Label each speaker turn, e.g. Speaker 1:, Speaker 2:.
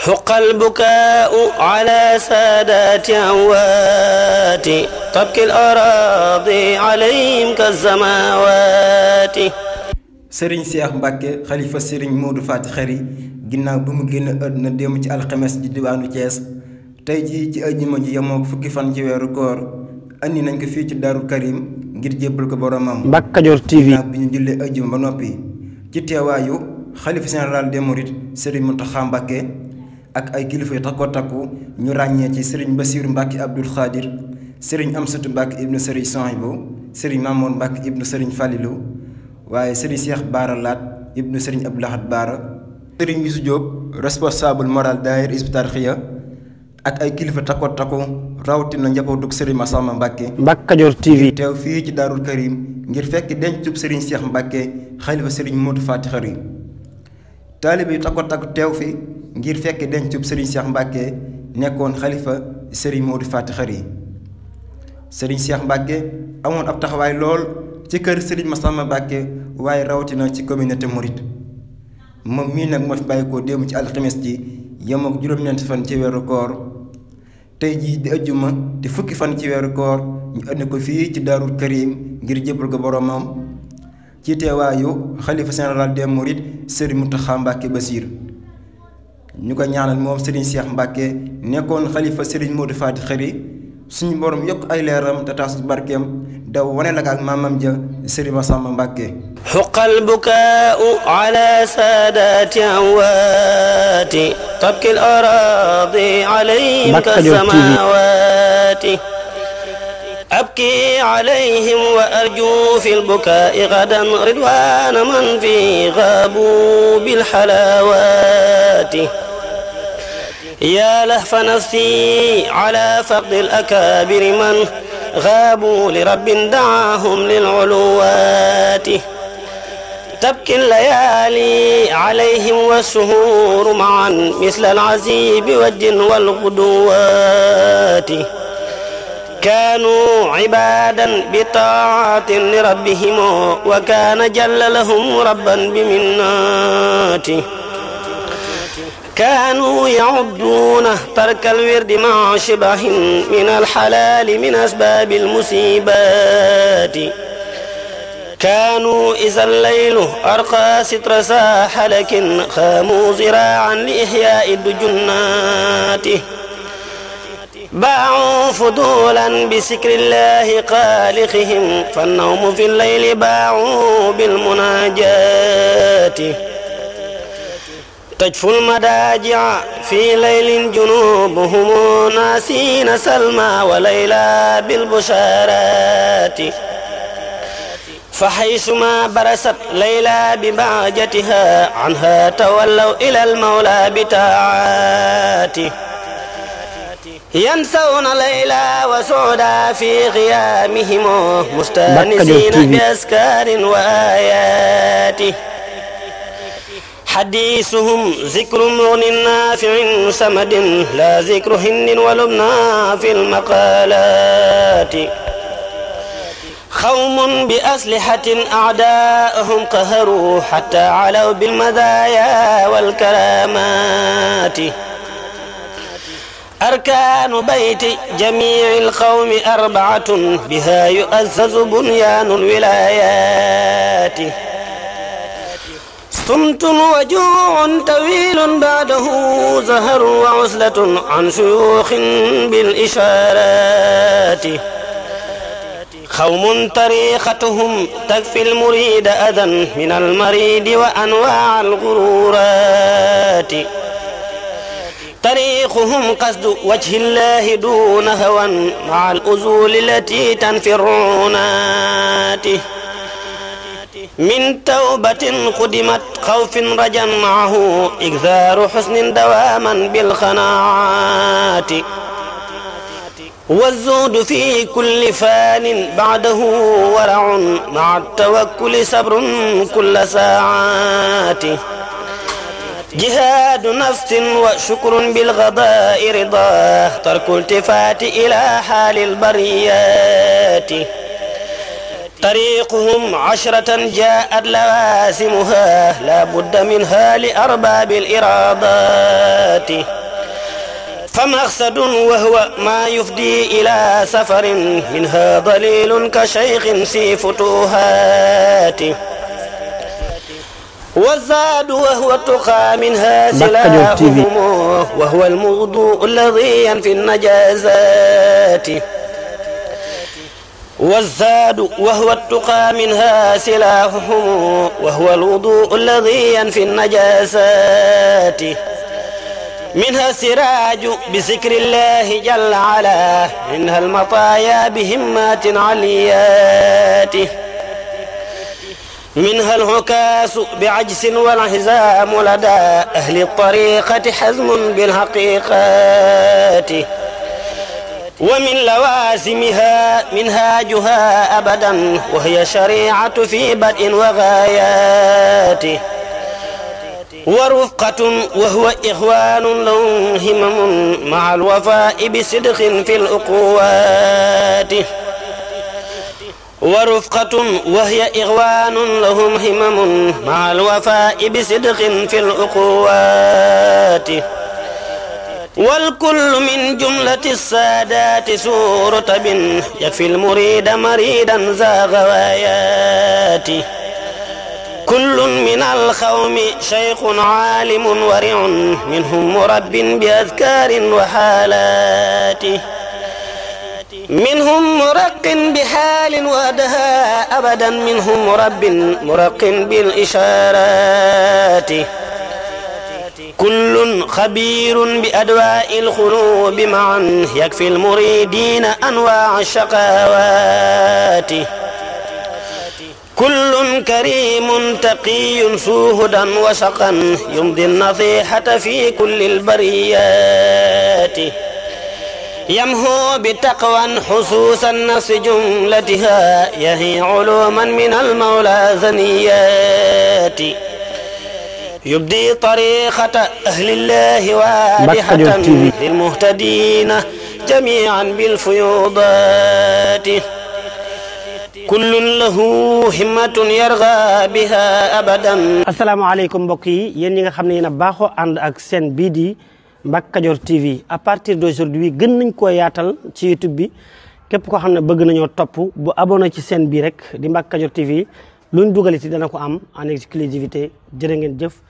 Speaker 1: حق البكاء على سادات
Speaker 2: أموات تبكي الأراضي عليهم كالسماوات sëriñ Cheikh Mbacke xalifa sëriñ Modou Faty Khary ginnaaw bi mu génn àdduna démb ci alxames ji diwaanu Thiès tey jii ci ajjuma ji yemoo fukki fan ci weeru koor andi nañ ko fii ci Daaru Karim ngir jébbal ko boromam. Mbacke TV. bi ñu jullee ajjuma ba noppi ci teewaayu xalifa général des Mourides sëriñ Mountakha Mbacke. ak ay kilifa yu takko takku ñu ràññee ci sëriñ Basiir Mbacke Abdoul Khadir sëriñ Amsatu Mbacke ibnu sëriñ Sohaybu sëriñ Mamour Mbacke ibnu sëriñ Falilou waaye sëriñ seex Baara Laat ibnu sëriñ Abdou Lahad Baara sëriñ Yusu Diop responsable moral daayira Hizbut Tarqiyyah ak ay kilifa takko takku rawatina njabootug sëriñ Massamba Mbacke Mbacke Kadior TV teew fii ci Daarul Karim ngir fekk dencub sëriñ Cheikh Mbacke xalifa sëriñ Modou Fati Khary taalibe ngir fekke dencub sëriñ Cheikh Mbacke nekkoon xalifa sëriñ Modou Faty yi sëriñ Cheikh Mbacke amoon ab taxawaay lool ci kër sëriñ Massamba Mbacke waaye rawatina ci communauté Mouride moom mii nag moo fi bàyyi ko démb ci alxames ji yem ak juróom-ñeenti fan ci weeru koor tey jii di ajjuma di fukki fan ci weeru koor ñu indi ko fii ci Daarul Karim ngir jébbal ko boromam ci teewaayu xalifa général des Mourides sëriñ Mountakha Mbacke Bassir ñu ko ñaanal moom Serigne Cheikh Mbacke nekkoon xalifa Serigne Modou Fati Xëri suñu borom yokk ay leeram te taas daw wane la ak maamam ja Serigne Massamba Mbacke.
Speaker 1: xuqal bukaau ala saadaati amwaati tabkil araadi alayka samawaati أبكي عليهم يا لهف نفسي على فقد الأكابر من غابوا لرب دعاهم للعلوات تبكي الليالي عليهم والسهور معا مثل العزيب والجن والغدوات كانوا عبادا بطاعة لربهم وكان جل لهم ربا بمناته كانوا يعدون ترك الورد مع شبه من الحلال من أسباب المصيبات كانوا إذا الليل أرقى ستر ساح لكن خاموا زراعا لإحياء الدجنات باعوا فضولا بسكر الله قالقهم فالنوم في الليل باعوا بالمناجات تجفو المداجع في ليل جنوبهم ناسين سلمى وليلى بالبشارات فحيثما برست ليلى ببعجتها عنها تولوا إلى المولى بتاعاته ينسون ليلى وسعدا في غيامهم مستانسين بأسكار وآياته حديثهم ذكر مغن نافع سمد لا ذكر هند ولبنى في المقالات قوم بأسلحة أعداءهم قهروا حتى علوا بالمزايا والكرامات أركان بيت جميع القوم أربعة بها يؤسس بنيان الولايات صمت وجوع طويل بعده زهر وعزلة عن شيوخ بالإشارات قوم طريقتهم تكفي المريد أذى من المريد وأنواع الغرورات طريقهم قصد وجه الله دون هوى مع الأزول التي تنفي الرونات من توبة قدمت خوف رجا معه إكثار حسن دواما بالقناعات والزهد في كل فان بعده ورع مع التوكل صبر كل ساعات جهاد نفس وشكر بالغضاء رضاه ترك التفات إلى حال البريات طريقهم عشرة جاءت لواسمها لا بد منها لأرباب الإرادات فمقصد وهو ما يفدي إلى سفر منها ضليل كشيخ سي فتوهات والزاد وهو التقى منها سلاحهم وهو الموضوع الذي ينفي النجازات والزاد وهو التقى منها سلاحهم وهو الوضوء الذي ينفي النجاسات منها السراج بذكر الله جل على منها المطايا بهمات عليات منها العكاس بعجز والحزام لدى أهل الطريقة حزم بالحقيقات ومن لوازمها منهاجها أبدا وهي شريعة في بدء وغاياته ورفقة وهو إخوان لهم همم مع الوفاء بصدق في الأقوات ورفقة وهي إخوان لهم همم مع الوفاء بصدق في الأقوات والكل من جملة السادات سور تب يكفي المريد مريدا ذا غوايات كل من القوم شيخ عالم ورع منهم مرب بأذكار وحالات منهم مرق بحال ودها أبدا منهم مرب مرق بالإشارات كل خبير بأدواء القلوب معا يكفي المريدين أنواع الشقاوات كل كريم تقي سوهدا وسقا يمضي النصيحة في كل البريات يمهو بتقوى حسوس النفس جملتها يهي علوما من المولى زنيات yubdi tariqata ahlillahi waadihatan lilmuhtadina jamian bilfuyudati kullun lahu himmatun yarga biha abadan asalaamaaleykum mbokk yi yéen yi nga xam ne yéen a baaxoo ànd ak seen bii di Mbacke Kadior TV à partir d'aujourd'hui gën nañ koo yaatal ci YouTube bi képp koo xam ne bëgg nañoo topp bu abonné ci seen bii rek di Mbacke Kadior TV luñ dugal ci dana ko am en exclusivité jërë ngeen jëf